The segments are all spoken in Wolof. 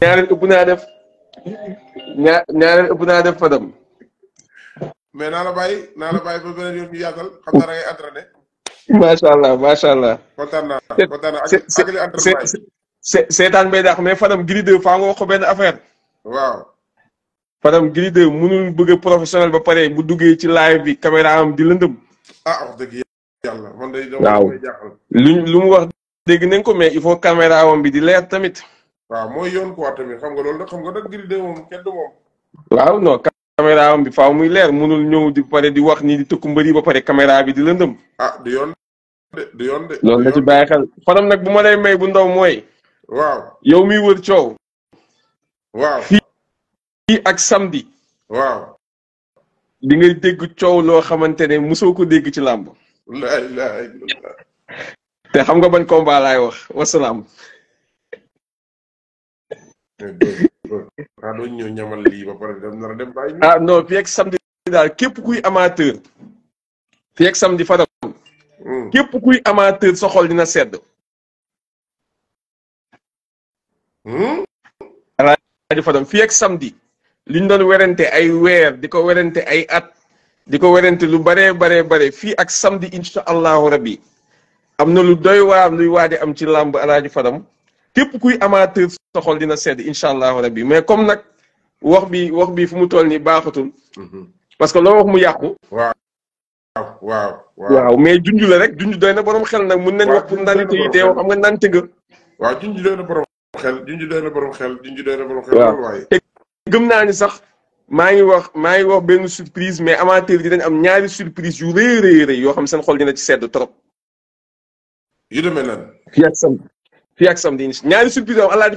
ñaareel ëpp naa def ñaar ñaareel ëpp naa def Fadam. mais naa la bàyyi naa da ngay entraîné. macha allah seetaan bay daax mais Fadam Gris 2 faa affaire. waaw. Fadam mu 2 mënul bëgg professionnel ba pare bu duggee ci live bi caméra am di lëndëm. ah wax lu mu wax dégg nañ ko mais il faut caméra am bi di leer tamit. waaw mooy yoon quoi tamit xam nga loolu nag xam nga nag Gris 2 moom kenn moom. waaw non caméra am bi muy leer mënul ñëw di pare di wax ni di tëkku mbëri ba pare caméra bi di lëndëm. ah du yoon de du yoon de. loolu la ci bàyyi fanam nag bu ma lay may bu ndaw mooy. waaw yow miy wër coow. waaw fii ak samedi. waaw. di ngay dégg coow loo xamante ne mosoo ko dégg ci làmb. te xam nga bañ combat laay wax wasalaam. ah doo ñëw a dem bàyyi. ah non daal képp kuy amateur. fii ak samedi Fadam. Hmm. képp kuy amateur soxol xol dina sedd. alaaji hmm? Fadam fii ak samedi li doon werante ay weer di ko werante ay at di ko werante lu baree baree bare fii ak samedi incha allahu rabi am na lu doy waar luy waade am ci làmb alaaji Fadam. كيف كوي اماتير تخول دينا سيد ان شاء الله ربي مي كوم نك واخ بي واخ بي فمو تولني باختول باسكو لو واخ مو ياكو واو واو واو مي جونجو لا رك جونجو دينا بروم خيل نك مون نان واخ نانتي دي واخ خمغا نانتي غا واو جونجو دينا بروم خيل جونجو دينا بروم خيل جونجو دينا بروم خيل واي گمناني صاح ماي واخ ماي واخ بن سوربريز مي اماتير دي دن ام نياري سوربريز يو ري ري ري يو خم سن خول دينا سي سيد تروب يدمنان فياسم fii ak samedi ñaari surprise am allah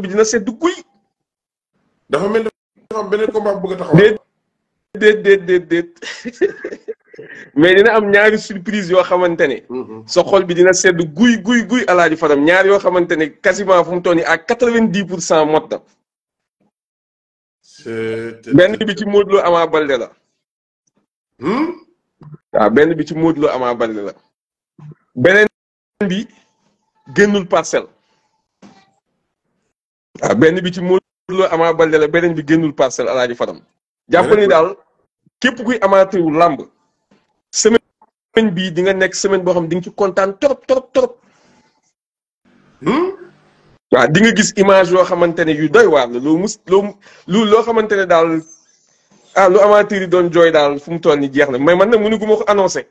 di dina sedd guy. mel ni dafa beneen combat bu bëgg a taxaw. déet déet déet dina am ñaari surprise yoo xamante ne. Mm-hmm. sa xol bi dina sedd guy guy guy allah di fanam ñaar yoo xamante ne quasiment fu mu toll nii à quatre-vingt-dix pour cent mot na. benn bi ci Modou Lo Ama Baldé la. Hmm? waaw benn bi ci Modou Lo Ama Baldé la. beneen bi. génnul parcelle waaw ah, benn bi ci Modou Lo Ama Baldé la beneen bi génnul parcelle alaaji Fadam jàpp ni daal képp kuy amateur làmb semaine bii di nga nekk semaine boo xam di nga ci kontaan trop trop trop waaw hmm? ah, di nga gis image yoo xamante ne yu doy waar la loo mus loo lu loo xamante ne daal a ah, lu amateur yi doon jooy daal fu mu toll ni jeex na mais man nag mënu gu ma ko annoncé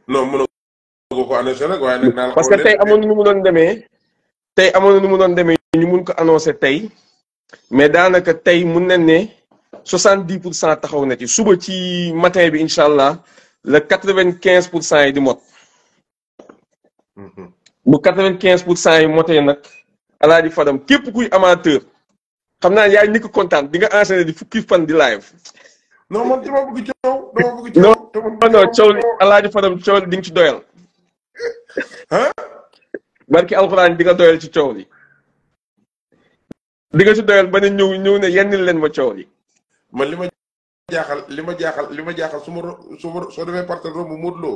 parce que tey amoon nu mu demee tey amoon na nu mu doon demee ñu mun ko annoncé tey mais daanaka tey mun nañ ne soixante dix pour cent taxaw na ci suba ci matin bi incha allah le quatre vingt quinze pour cent yi di mot. Mhm. bu quatre vingt quinze pour cent yi motee nag alaaji fadam képp kuy amateur xam naa yaay nikk kontaan di nga enchaîné di fukki fan di live. non man dama bëgg coow dama bëgg coow. non non coow fadam coow di ci doyal. barki alxuraan di nga doyal ci coow li di nga ci doyal ba ne ñëw ñëw ne yenn leen ma coow li. man li ma jaaxal li ma jaaxal li ma jaaxal su ma su ma soo demee partenaire romb mu ne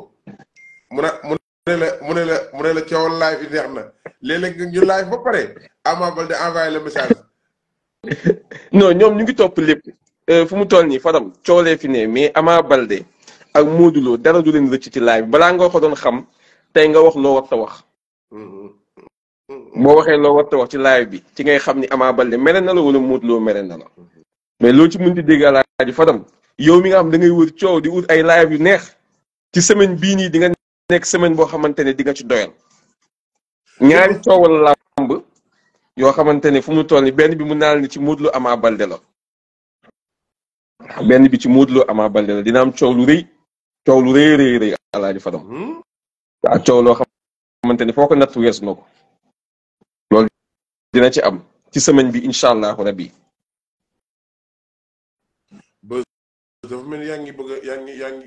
mu ne la mu ne la mu ne la coowal neex na léeg-léeg ñu live ba pare Ama Baldé envoyé le message. non ñoom ñu ngi topp lépp euh, fu mu toll nii coow coolee fi ne mais amaa Baldé ak Modou Lo dara du leen ci live balaa nga ko doon xam tey nga wax noo war ta wax. boo waxee loo warta wax ci live bi ci ngay xam ni Ama Baldé mere na la wala Modou Lo mere na la mais loo ci mënti dégg alaaji Fadam yow mi nga xam da ngay coow di ut ay live yu neex ci semaine bii nii di nga nekk semaine boo xamante ne di nga ci doyal ñaari coowal làmb yoo xamante ne fu mu toll ni benn bi mu naal ni ci Modou Lo Ama Baldé la benn bi ci Modou Lo Ama Baldé la dina am coow lu rëy coow lu rëy rëy rëy alaaji Fadam waaw hmm? coow loo xam xamante ni foo natt weesu loolu dina ci am ci semaine bi incha allahu rabi. ba dafa mel ni yaa ngi bëgg yaa ngi yaa ngi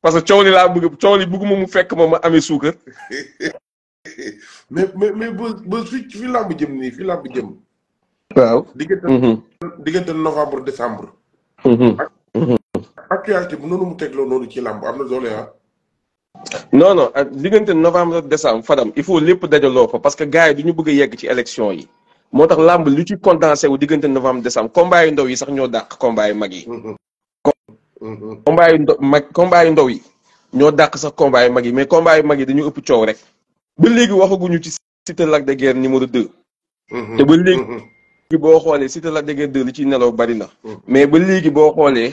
parce que coow li laa bëgg coow li bëgguma mu fekk ma ma amee suukar. mais mais mais ba làmb jëm nii fii làmb jëm. waaw diggante. Mm-hmm. diggante novembre décembre. Mm-hmm. ak actualité bu noonu mu tegloo noonu ci làmb am na doole ah. non non diggante novembre décembre Fadam il faut lépp dajaloo fa parce que gars yi du ñu bëgg yegg ci élection yi moo tax lamb lu ci condensé wu diggante novembre décembre combat yu ndaw yi sax ñoo dàq combat yu mag yi. Mm-hmm. Mm-hmm. combat yu ndaw mag combat yu ndaw yi ñoo dàq sax combat yu mag yi mais combat yu mag yi dañu ëpp coow rek ba léegi waxaguñu ci Siteu Lac de Guiers numéro 2. Mm-hmm. te ba léegi boo xoolee Siteu Lac de Guiers 2 li ciy nelaw bari na. mais ba léegi boo xoolee.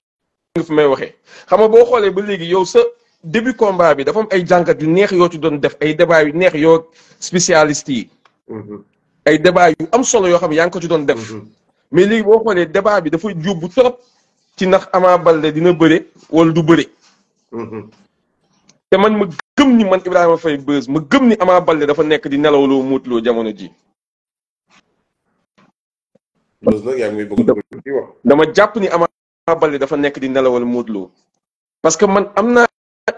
nga fi may waxee xam nga boo xoolee ba léegi yow sa début combat bi dafa am ay jàngat yu neex yoo ci doon def ay débat yu neex yoo spécialiste yi. Mm-hmm. ay débat yu am solo yoo xam yaa ngi ko ci doon def. Mm-hmm. mais léegi boo xoolee débat bi dafa yóbbu trop ci ndax Ama Baldé dina bëre wala du bëre. Mm-hmm. te man ma gëm ni man Ibrahima Faye Beuz ma gëm ni Ama Baldé dafa nekk di nelaw nelawloo muutloo jamono ji dama jàpp ni Ama Ama Baldé dafa nekk di nelawal Modou parce que man am na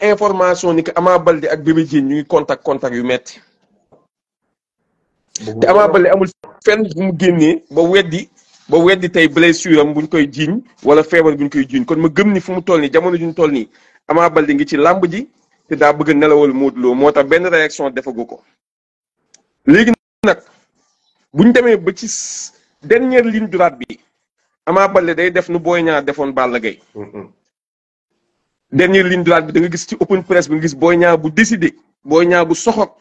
information ni que amaa Baldé ak Bébé Diène ñu ngi contact contact yu metti te Ama Baldé amul fenn bu mu génnee ba weddi ba weddi tey blessure am buñ koy jiiñ wala feebar buñ koy jiiñ kon ma gëm ni fu mu toll nii jamono juñ toll nii Ama Baldé ngi ci làmb ji te daa bëgg nelawal Modou Lo moo tax benn réaction defagu ko léegi nag buñ demee ba ci dernière ligne droite bi Ama balle day def nu Boy Niang defon balle gay dernière ligne droite bi da nga gis ci open press bi nga gis Boy Niang bu décidé Boy Niang bu soxok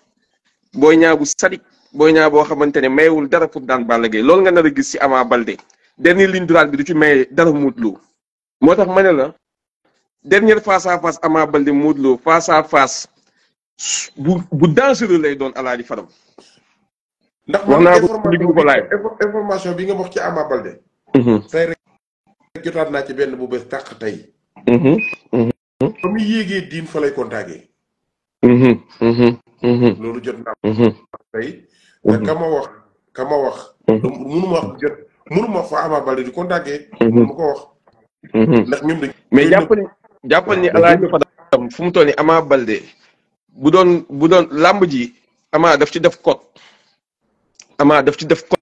Boy Niang bu sadik Boy Niang bo xamantene mayewul dara pour dan balle gay lol nga na gis ci Ama Baldé dernier ligne droite bi du ci may dara mutlu motax manela dernier face à face Ama mutlu face à face bu bu dangereux lay ala di faram. ndax wax ko information bi nga wax ci Ama Mm-hmm. tey rek jotaat naa ci benn bu bees tàq tey. Mm-hmm. Mm-hmm. ba muy yéegee wax fa Ama Baldé di contacté. mënuma mais jàpp ni jàpp ni Alaaji Fadam fu mu toll nii Ama Baldé bu doon bu làmb ji Ama daf ci def code Ama daf ci def code.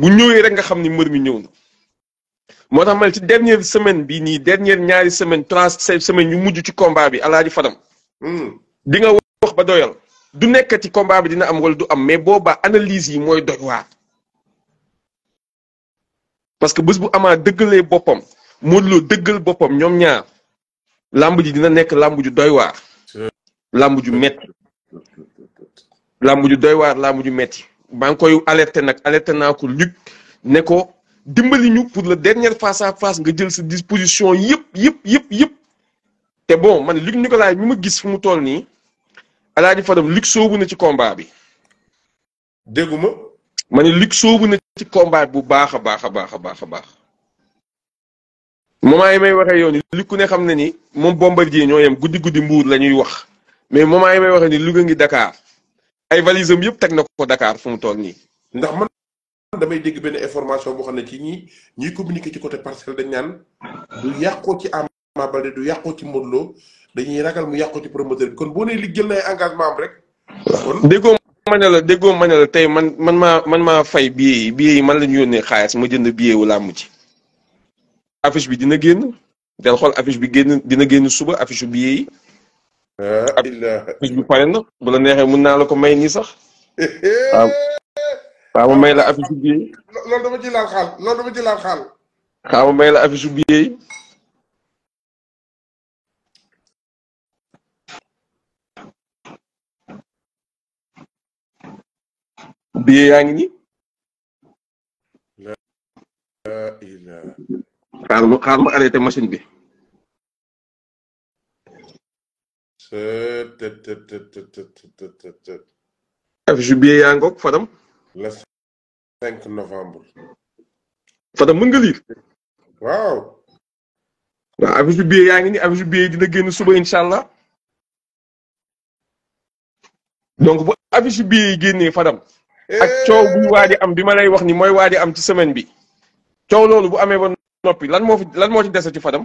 bu ñëwee rek nga xam ni mbër mi ñëw na moo tax ma ci dernière semaine bi nii dernière ñaari semaine trois semaine ñu mujj ci combat bi alaaji Fadam. Hmm. di nga wax ba doyal. du nekkati combat bi dina am wal du am mais boobaa analyse yi mooy doy waar. parce que bés bu amaa dëggalee boppam Modou Lo dëggal boppam ñoom ñaar làmb ji dina nekk làmb ju doy waar. làmb ju metti ju doy waar ju metti maa ngi koy nag alerter naa ko Luc ne ko dimbali ñu pour le dernier face à face nga jël sa disposition yëpp yëpp yëpp yëpp. te bon man Luc Nicolaï mi ma gis fu mu tool nii Alaaji Fadam Luc soobu na ci kombaa bi. dégguma ma ne Luc soobu na ci combat bu baax a baax a baax a baax a baax. moment yi may waxee yoon nii Luc ku ne xam ne ni moom Bombardier ñoo yem guddi guddi mbuur la ñuy wax mais moment yi may waxee ni Luc a ngi dakaar ay valises am yëpp teg na ko Dakar fu mu toog nii. ndax man damay dégg benn information boo xam ne ci ñi ñuy communiquer ci côté parcelle dañ naan du yàqoo ci am Ama Baldé du yàqoo ci Modou dañuy ragal mu yàqoo ci promoteur kon boo ne li jël na engagement am rek. kon déggoo ma ne la ma ne tey man man maa man maa fay billets yi billets yi man la ñu yónnee xaalis ma jënd billet wu làmb ci bi dina génn del xool affiche bi génn dina génn suba affiche bu alhamdulilah affiche bi la neexee mën naa la ko may nii sax. Eh, waaw waaw ma may la affiche bi yee. loolu dama ci laal xaal loolu dama ci laal xaal. xaaral ma la affiche bi yee. ngi nii. machine bi. juillet yaa ngoog Fadam. le cinq novembre. Fadam mën nga lire. waaw. waaw avisu billet yaa ngi nii avisu billet dina génn suba incha allah. donc bu avisu billet yi génnee Fadam. ak eh. coow bu waa di am bi ma lay wax ni mooy waa di am ci semaine bi. coow loolu bu amee ba noppi lan moo fi lan moo ci dese ci Fadam.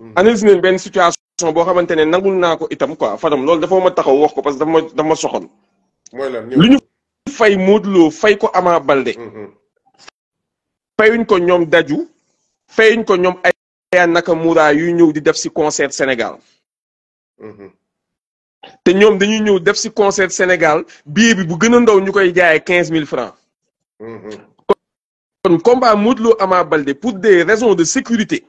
Mm-hmm. analyse nañ benn situation boo xamante ne nangul naa ko itam quoi Fadam lool dafa ma taxaw wax ko parce que dafa ma dafa ma soxal. lu ñu fay Modou loo fay ko Ama Balde. Mm-hmm. fayuñ ko ñoom daju. fayuñ ko ñoom ay Aya Nakamura yuy ñëw di def si concert Sénégal. Mm-hmm. te ñoom dañuy ñëw def si concert Sénégal billet bi bu gën a ndaw ñu koy jaayee quinze mille francs. kon combat Modou Lo Ama Balde pour des raisons de sécurité.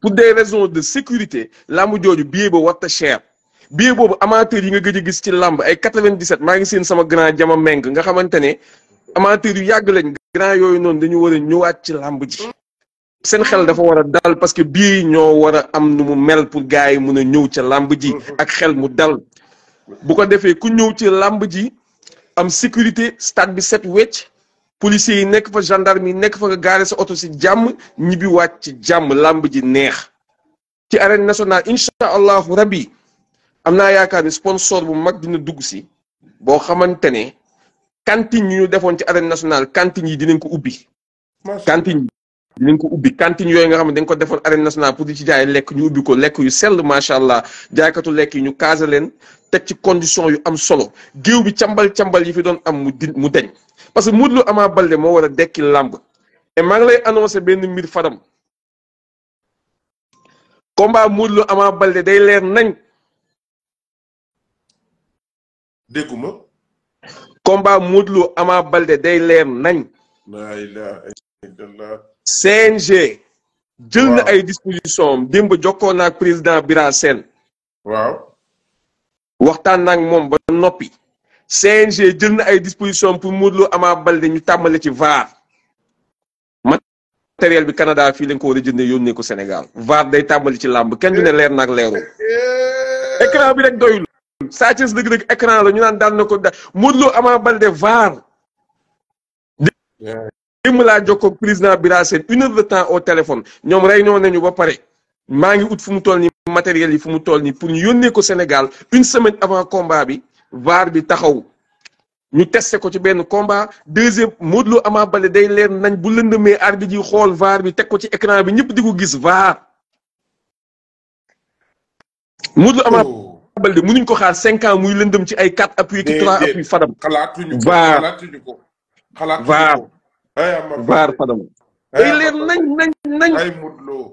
pour des raisons de sécurité làmb jooju billet ba warta cher billet boobu amateur yi nga gëj a gis ci làmb ay 97 maa ngi seen sama grand jama meng nga xamante ne amateur yu yàgg lañ grand yooyu noonu dañu war a ñëwaat ci làmb ji seen xel dafa war a dal parce que bii ñoo war a am nu mu mel pour gars yi mun a ñëw ca làmb ji ak xel mu dal bu ko defee ku ñëw ci làmb ji am sécurité stade bi set wecc policiers yi nekk fa gendarme yi nekk fa nga gaare sa oto si jàmm ñibbi waat ci jàmm làmb ji neex ci arène nationale incha allahu rabbi am naa yaakaar ni sponsor bu mag dina dugg si boo xamante ne cantine yu ñu defoon ci arène nationale cantine yi dina ko ubbi cantine dinañ ko ubbi cantine yooyu nga xam ne dañ ko defoon arène nationale pour di ci jaay lekk ñu ubbi ko lekk yu sell macha allah jaaykatu lekk yi ñu kaasa leen teg ci condition yu am solo géew bi cambal càmbal yi fi doon am mu mu deñ parce que Modou Lo Ama Baldé moo war a dekki làmb et maa ngi lay annoncé benn fadam combat Modou Ama Baldé day leer nañ. dégguma. combat Modou Lo day leer nañ. jël na ay disposition am démb président Bira waxtaan naa ak moom ba noppi CNG jël na ay disposition pour Modou Lo Ama ñu tàmbale ci VAR matériel bi Canada fii lañ ko war a jëndee yónnee ko Sénégal VAR day tàmbali ci làmb kenn du ne leer naag leeroo écran bi rek doyul Sa Thiès dëgg-dëgg écran la ñu naan daan na ko da Modou Lo Ama Baldé VAR démb laa jokkoo président Bira Sène une heure temps au téléphone ñoom réunion nañu ba pare maa ngi ut fu mu toll ni matériel yi fu mu toll nii pour ñu yónnee ko Sénégal une semaine avant combat bi VAR bi taxaw ñu testé ko ci benn combat deuxième Modou Lo Ama bale day leer nañ bu lënd lëndëmee bi ji xool VAR bi teg ko ci écran bi ñëpp di ko gis VAR. Modou Lo Ama oh. Baldé nuñ ko xaar cinq ans muy lëndëm ci ay quatre appuis ki trois appuis fadam xalaatuñu ko xalaatuñu ko VAR VAR VAR fadam day leer nañ nañ nañ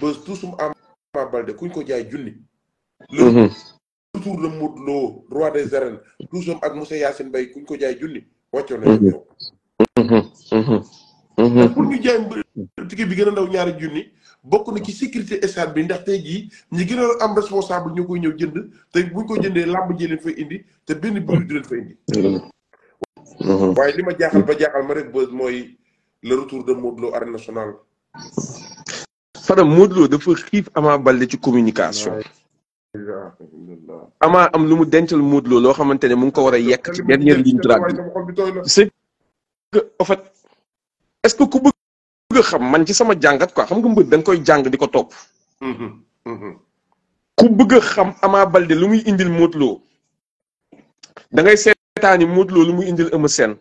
ba tuusum Ama Baldé kuñ ko jaay junni. le mhm. retour de Modou Lo roi des arènes tuusum ak Moussa Yacine Mbaye kuñ ko jaay junni wàccoon nañu mhm. ko. Mhm. pour ñu jaay ticket bi gën a ndaw ñaari junni bokk na ci sécurité stade bi ndax tey jii ñi gën a am responsable ñu koy ñëw jënd te buñ ko jëndee làmb ji leen indi te benn bruit du leen fay indi. waaye li ma jaaxal ba jaaxal ma rek bës mooy la retour de Modou Lo arène nationale. tax Modou Lo dafa xiif Ama Baldé ci communication. Ama am lu mu dencal Modou loo xamante ne mu ngi ko war a yekk ci dernière ligne droite bi. c'est que en fait est-ce que ku bëgg xam man ci sama jàngat quoi xam nga mbër da koy jàng di ko topp. Mhm, mhm. bëgg xam Ama Baldé lu muy indil Modou Lo da ngay seetaani Modou indil ama Sène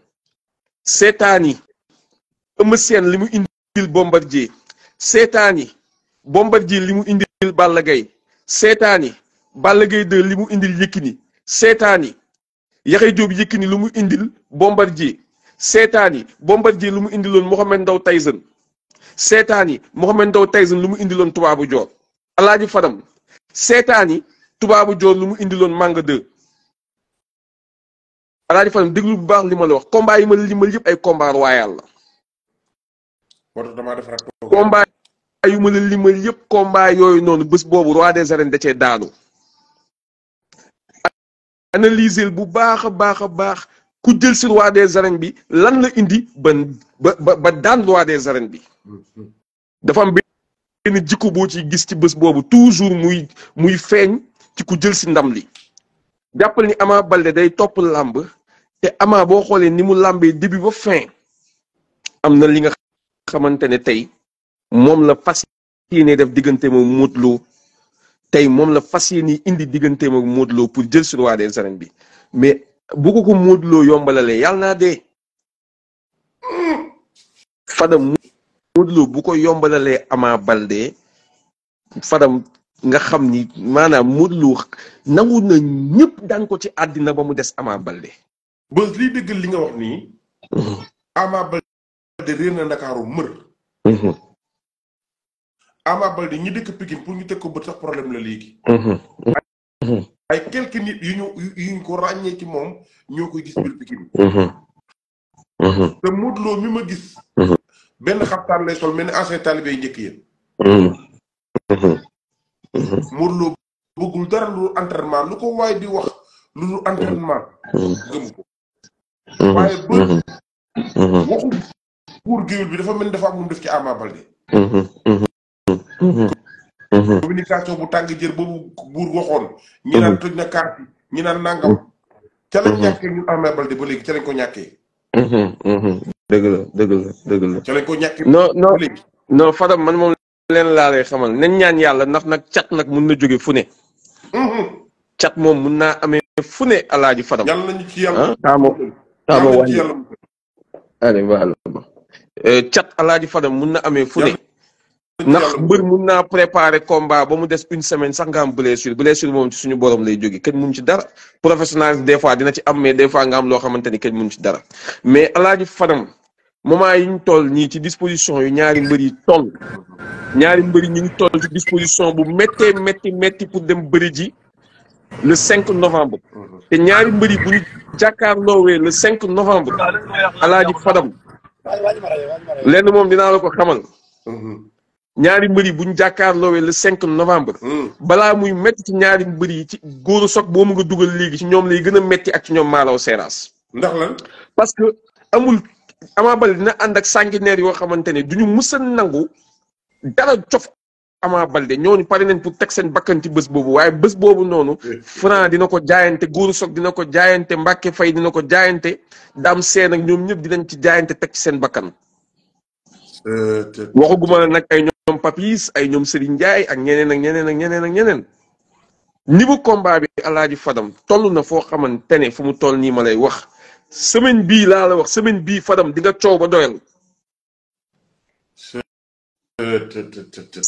seetaani Eumeu Sène li mu indil Bombardier seetaani Bombardier li mu indil Balla Gaye seetaani Balla Gaye 2 li mu indil Yékini seetaani Yaxya Jóob Yékini lu mu indil Bombardier seetaani Bombardier lu mu indiloon Mohamed ndaw Tyson seetaani Mohamed Ndao Tyson lu mu indiloon Tubaabu Joor Alaaji Fadam seetaani Tubaabu Joor lu mu indiloon Manga 2 Alaaji Fadam déglu bu baax li ma la wax combat yi ma limal yëpp ay combat royal la. war ayuma la limal yëpp combat yooyu noonu bës boobu roi des arènes da cee daanu. analyser bu baax a baax a baax ku jël si roi des arènes bi lan la indi ba ba ba daan roi des arènes bi. dafa am benn jikko boo ci gis ci bés boobu toujours muy muy feeñ ci ku jël si ndam li. jàppal ni Ama Baldé day topp làmb te Ama boo xoolee ni mu làmbee début ba fin am na li nga xamante ne tey. moom la fas yéene def diggante moom Modou tey moom la fas yéene indi diggante moom Modou pour jël suñu waa des bi mais bu ko ko Modou Lo yombalalee yàlla naa dee. Fadam Modou Lo bu ko yombalalee Ama Baldé Fadam nga xam ni maanaam Modou Lo nangu na ñëpp daan ko ci àddina ba mu des Ama Baldé. ba liy dëggal li nga wax nii. Mm-hmm. Ama Baldé réer na Ndakaaru mër. Mm-hmm. Ama Balde ñi dëkk Pikine pour ñu teg ko sax problème la léegi. Mhm. Mhm. ay quelques nit yu ñu yu ñu ko ràññee ci moom ñoo koy gis biir Pikine. Mhm. te Modou mi ma gis. benn xabtaan lay sol mel ni ancien talibé yi njëkk yéen. Ya. bëggul dara lu entraînement lu ko waay di wax lu lu entraînement. gëm ko. waaye pour bi dafa mel ni dafa am mu def ci Ama Balde. Mm-hmm. Mm-hmm. communication bu tàng jër boobu buur waxoon. ñi naan mm-hmm. toj ñi naan nangam. ca lañ ko ñàkkee. dëgg la dëgg la dëgg ko ñàkkee non non Fadam man moom leen laa lay xamal nañ ñaan yàlla ndax nag cat nag mun na jóge fu cat moom mun naa amee fu ne alaaji Fadam. yàlla nañu ci yàlla Fadam mun na amee fu ndax mbër mun naa préparer combat ba mu des une semaine sax nga am blessure blessure moom ci suñu borom lay jóge kenn mun ci dara professionnel des fois dina ci am mais des fois nga am loo xamante ni kenn mun ci dara mais alaaj Fadam moment yi ñu toll ñii ci disposition yu ñaari mbër yi toll ñaari mbër yi ñu ngi toll ci disposition bu méttee métti métti pour dem bëri ji le cinq novembre. te ñaari mbër yi bu ñu jàkkaarloowee le 5 novembre alaaji Fadam lenn moom dinaa la ko xamal. Mm-hmm. ñaari mbër bu ñu jàkkaarloowee le 5 novembre. Hmm. balaa muy métti ci ñaari mbër yi ci góoru sok boo mu nga dugal léegi ci ñoom lay gën a métti ak ci ñoom Malaw Seras. ndax parce que amul Ama Baldé dina ànd ak sanguinaire yoo xamante ne du ñu mës a nangu dara cof Ama Baldé ñooñu pare nañ pour teg seen bakkan ci bés boobu waaye bës boobu noonu. Franc dina ko jaayante góoru sok dina ko jaayante Mbacke fay dina ko jaayante Dame seen ak ñoom ñëpp dinañ ci jaayante teg ci seen bakkan. Euh, ñoom Papis ay ñoom Serigne Ndiaye ak ñeneen ak ñeneen ak ñeneen ak ñeneen bi Alaaji Fadam toll na foo xamante ne fu mu toll nii ma lay wax semaine bii laa la wax semaine bii Fadam di nga coow ba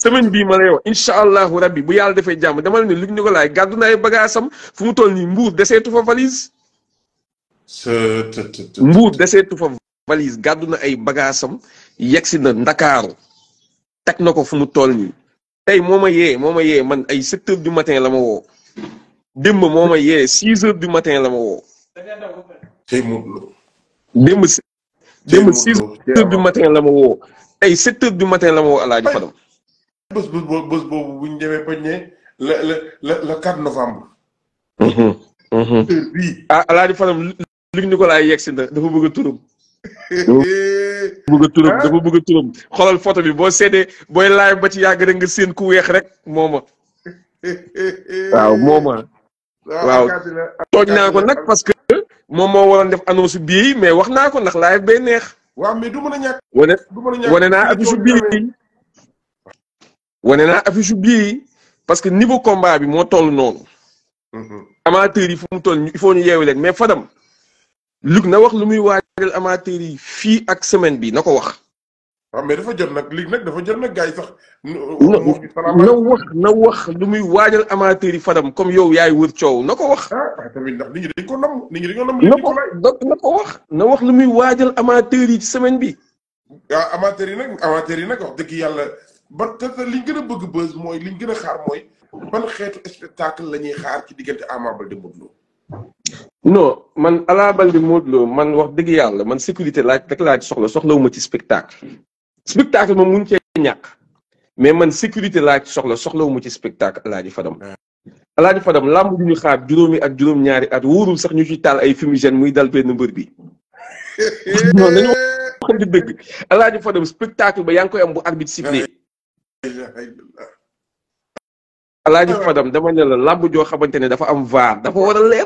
semaine bii ma lay wax incha allahu rabbi bu yàlla defee jàmm dama ne Luc Nicolaï gàddu na ay bagaasam fu mu toll nii mbuur deseetu fa valise. mbuur deseetu fa valise gàddu na ay bagaasam yegsi na ndakaaru teg na ko fu mu toll nii tey moom a yee moo ma yee man ay sept heures du matin la ma woo démb moo ma yee six heures du matin la ma woo. démb si démb six heures du matin la ma woo tey sept heures du matin la ma woo Alaaji Fadam. bés bés boobu bu ñu demee ba ñëwee le le le quatre novembre. Mhm, mhm. ah Alaaji Fadam Luc Nicolaï yegg si na dafa bëgg a bëgg a turam dafa bëgg a turam xoolal bi boo seetee booy laay ba ci yàgg rek nga seen ku weex rek mooma waaw mooma waaw tooñ ko nag parce que moom moo waroon def annonce bii mais wax naa ko ndax live bay neex a ñàkk wane wane naa affiche u bii wane naa affiche u bii parce que niveau combat bi moo tol noonu mhm. amateur yi fu mu il faut ñu yeewu mais Fadam Luc na wax lu muy waajal amateur yi fii ak semaine bi na ko wax. waaw mais dafa jot nag léegi nag dafa jot nag gars yi sax. na wax na wax lu muy waajal amateur yi Fadam comme yow yaay wër coow na ko wax. ah tamit ndax nit ñi dañ ko nam nit ñi dañ ko nam. na ko na ko wax. na wax lu muy waajal amateur yi ci semaine bi. ah amateur yi nag amateur yi nag wax dëgg yàlla ba te liñ gën a bëgg buzz mooy liñ gën a xaar mooy ban xeetu spectacle la ñuy xaar ci diggante Ama Baldé Modou Lô no man Ala bal di modlo man wax deug yalla man sécurité laj dak laj soxla soxla wu ma ci spectacle spectacle moom muñ ci ñak mais man sécurité laj soxla soxla wu ma ci spectacle Alaaji Fadam Alaaji Fadam lamb duñu xaar juróomi ak juróom-ñaari at wurul sax ñu ci tal ay fumigène muy dal ben mbeur bi non dañu xam di dëgg Alaaji Fadam spectacle ba yang koy am bu arbitre sifflé Alaaji Fadam dama ne la lamb jo xamantene dafa am var dafa wara leer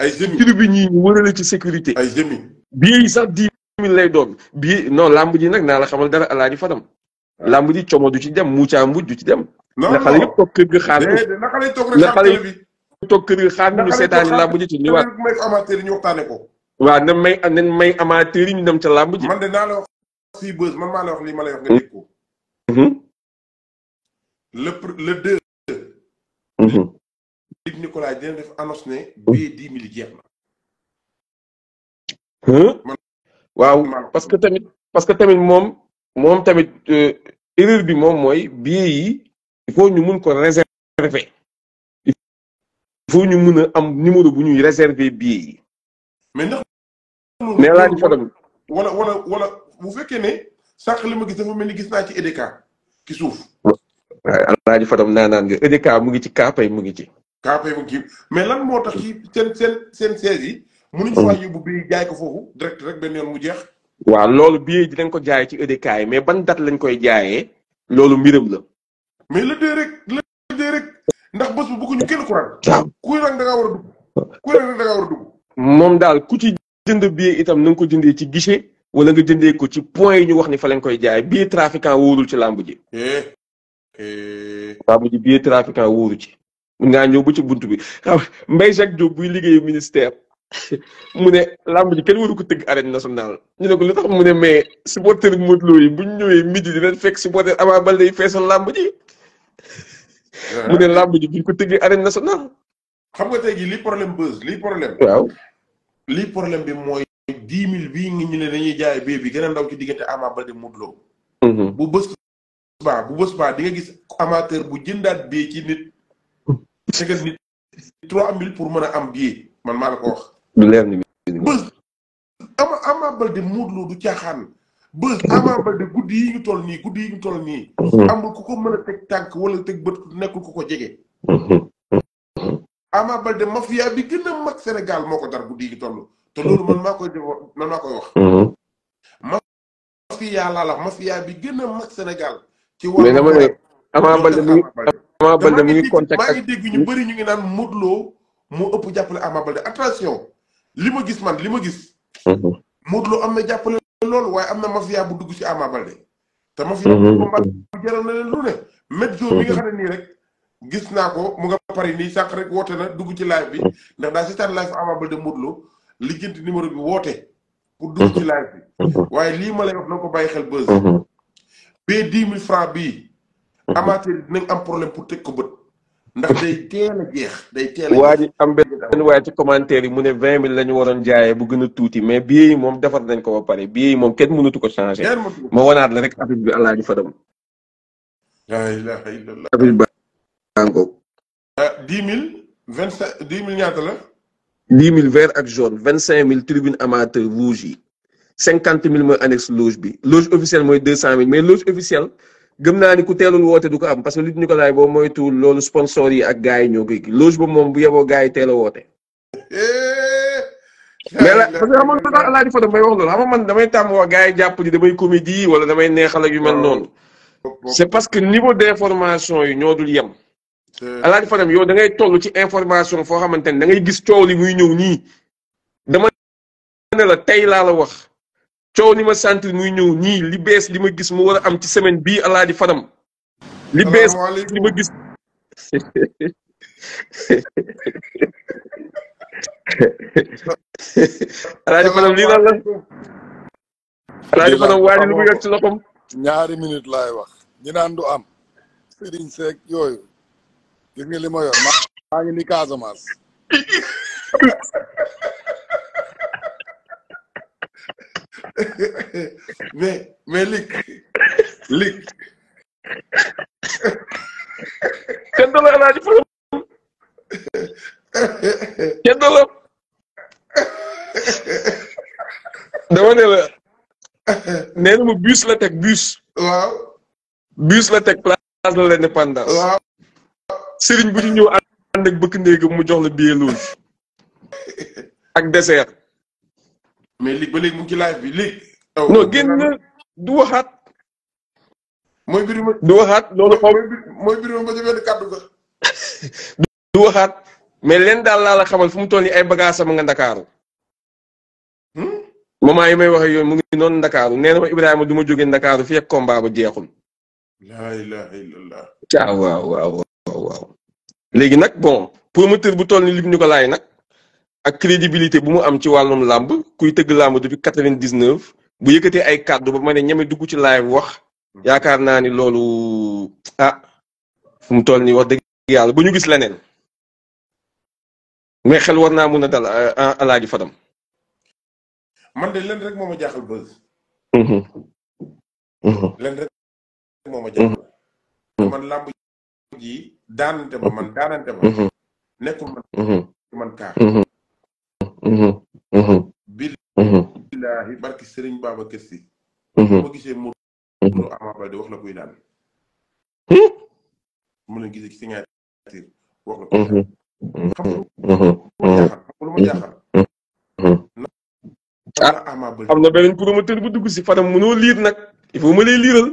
ay jëmi kii bi ñu wërale ci sécurité. ay jëmi billet yi sax dix mille lay doon billet non làmb ji nag naa la xamal dara alaaji Fadam. Ah. làmb ji como du ci dem Moussa Mbodj du ci dem. non non xale yëpp toog kër gi xaar toog kër gi xaar ñu seetaani làmb ji ci ñëwaat. may amateur yi ñu waxtaane ko. waaw na may nañ may amateur yi ñu dem ca làmb ji. man de naa la wax lii ma lay wax nga mm. mm-hmm. le le deux. Mm-hmm. Luc Nicolaï dina def annonce ne hmm. billet dix mille jeex hein waaw parce que tamit parce que tamit mom mom tamit euh, erreur bi mom moy bi yi il faut ñu mun ko réserver il faut ñu mëna am numéro bu ñuy réserver bi yi. mais ndax. nee la ñu foto bi. wala wala wala bu fekkee ne sax li ma gis dafa mel gis na ci edeka ki souf waaw alaaji Fadam naa naan nga edeka mu ngi ci Kaapay mu ngi ci. campagne bu kii mais lan moo tax ci seen seen seen mu yi. mënuñu faa oh. yóbbu bii jaay ko foofu direct rek benn yoon mu jeex. waaw loolu bii dinañ ko jaay ci EDK yi mais ban dat lañ koy jaaye loolu mbiram la. mais le deux rek ndax bés bu bëgguñu kenn ku rang. waaw kuy rang da ngaa moom daal ku ci jënd bii itam na ko jëndee ci guichet. wala nga jëndee ko ci point yi ñu wax ni fa lañ koy jaay bii trafiquant wóorul ci làmb ji. Eh, eh. làmb ji bii trafiquant wóoru ci. ngaa ñëw ba ci bunt bi xam Mbaye Jacques Diop buy liggéeyu ministère mu ne làmb ji kenn waru ko tëgg arène nationale ñu ne ko tax mu mais supporter Modou bu ñëwee midi di leen fekk supporter Ama Baldé yi feesal làmb ji mu ne làmb ji buñ ko xam nga tey jii lii problème buzz lii problème waaw lii problème bi mooy dix mille bii ngi ñu ne dañuy jaay bee bi gën a ndaw ci diggante Ama Baldé Modou Lo mhm. bu bës baa di nga gis amateur bu jëndaat bee cinquante mille trois mille pour mën a am billet man maa la ko wax. du leer ni ama Ama Baldé Modou Lô du caaxaan bës Ama Baldé guddi yi ñu toll nii guddi yi ñu toll nii. Mhm. amul ku ko mën a teg wala ko mhm. Mhm. Ama Baldé mafia bi gën senegal mag Sénégal dar guddi yi toll te loolu man maa koy man maa wax. mafia lalak, la mafia bi gën senegal. mag Sénégal. ci wàllu Ama Ama Balde mu ngi contact maa ngi dégg ñu bëri ñu ngi naan Modou Lo moo ëpp jàppale Ama Balde attention li ma gis man li ma gis. Mhm. Modou am na jàppale lool waaye am na mafia bu dugg ci Ama Balde. te mafia mhm. bu combat jaral na leen lu ne. Medjo mi nga mhm. xam nii rek gis naa ko mu nga pare nii sànq rek woote na dugg ci live bi ndax daa seetaan live Ama Balde Modou Lo lijjanti numéro bi woote. pour dugg ci live bi. waaye lii ma la wax na ko bàyyi xel ba dix Mhm. amateur dinañ am problème pour teg ko bët. ndax day teel jeex day teel a waa ji am benn waaye ci commentaire yi mu ne vingt mille la ñu waroon jaayee bu gën tuuti mais billet moom defar nañ ko ba pare billet yi moom kenn mënatu ko changé. ma wanaat la rek affaire bi allah ji fa dem. laa ilaaha illallah. affaire bi baax ah, dix mille vingt cinq dix mille ñaata la. dix mille vert ak jaune vingt cinq mille tribune amateur rouge yi cinquante mille mooy annexe loge bi loge officielle mooy deux cent mille mais loge officielle. gëm naa ni ku teelul woote du ko am parce que Luc Nicolaï boo moytuwul loolu sponsor yi ak gars yi ñoo koy loge boobu moom bu yeboo gars yi teel a woote. mais la parce que xam nga daal laaj photo may wax loolu xam nga man damay tàmm wax gars yi jàpp ni damay comédie wala damay neexal ak yu mel noonu. c'est parce que niveau d'information yi ñoo dul yem. alaaji Fadam yow da ngay toll ci information foo xamante ne da ngay gis coow li muy ñëw nii dama ne la tey laa la wax. coow li ma sant muy ñëw nii li bees li ma gis mu war a am ci semaine bii alaa di fanam li bees li ma gis alaa fanam lii lan la alaa fanam waa lu muy yëg ci loxoom ñaari minute laay wax ñi naan du am sëriñ seeg yooyu gis nga li mais, mais Lick, Lick. Quel dollar là, laaj pour. kenn du la. dama ne bus la tech bus. bus la tech place de l'indépendance. waaw. sëriñ bu ñu ñëw ànd ak bëkk néegam billet dessert. mais léegi ba léegi mu ngi ci live bi léegi. génn du waxaat. mooy Birima du waxaat loolu mooy Birima ba ci benn kàddu ga. du waxaat mais leen daal laa la xamal fu mu toll nii ay bagages am nga ndakaaru. Hmm? moment yi may waxee yooyu mu ngi noonu ndakaaru nee na ma Ibrahima du ma ndakaaru fii ak combat ba jeexul. laa ilaaha illallaah. waaw waaw waaw waaw. léegi nag bon promoteur bu toll nii lim ñu ko laay nag. ak crédibilité bu mu am ci wàllum làmb kuy tëgg làmb depuis quatre-vingt-dix-neuf bu yëkkatee ay kàddu ba ma ne ñeme dugg ci live wax yaakaar naa ni loolu ah fu toll ni wax dëgg yàlla ba ñu gis leneen mais xel war naa mun a dal euh, alaaji Fadam. man de leen rek moo ma jaaxal bës. Mhm. Mhm. leen mhm. man làmb daanante ba man daanante ba. nekkul man man kaar. Uhum. Uhum. billaahi uhum. barki sëriñ Babacar Si ma gisee Modou Lo Ama Baldé wax la koy daan hm? mu la gisee ci signature wax la koy daan xam nga lu bu dugg si fanam mënoo liir nag il faut ma lay liiral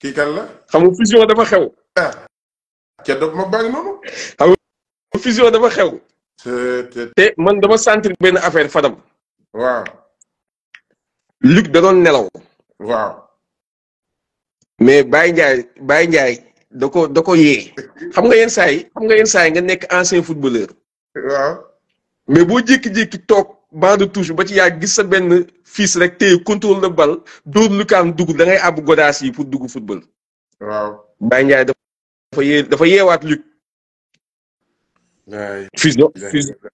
kii kan la xam fusion dafa xew ah. ca dog ma bàyyi noonu xam fusion dafa xew te man dama sentir benn affaire Fadam. waaw. Luc da doon nelaw. waaw. mais Baye Ndiaye Baye Ndiaye da ko da yee. xam nga yenn saa yi nga yenn saa yi nga nekk ancien footballeur. waaw. mais boo jékki-jékki toog banc de touche ba ci yaa gis sa benn fils rek téye contrôle de balle dóor lukaan dugg da ngay àbb godaas yi pour dugg football. waaw Baye Ndiaye dafa yee dafa yeewaat Right. If not,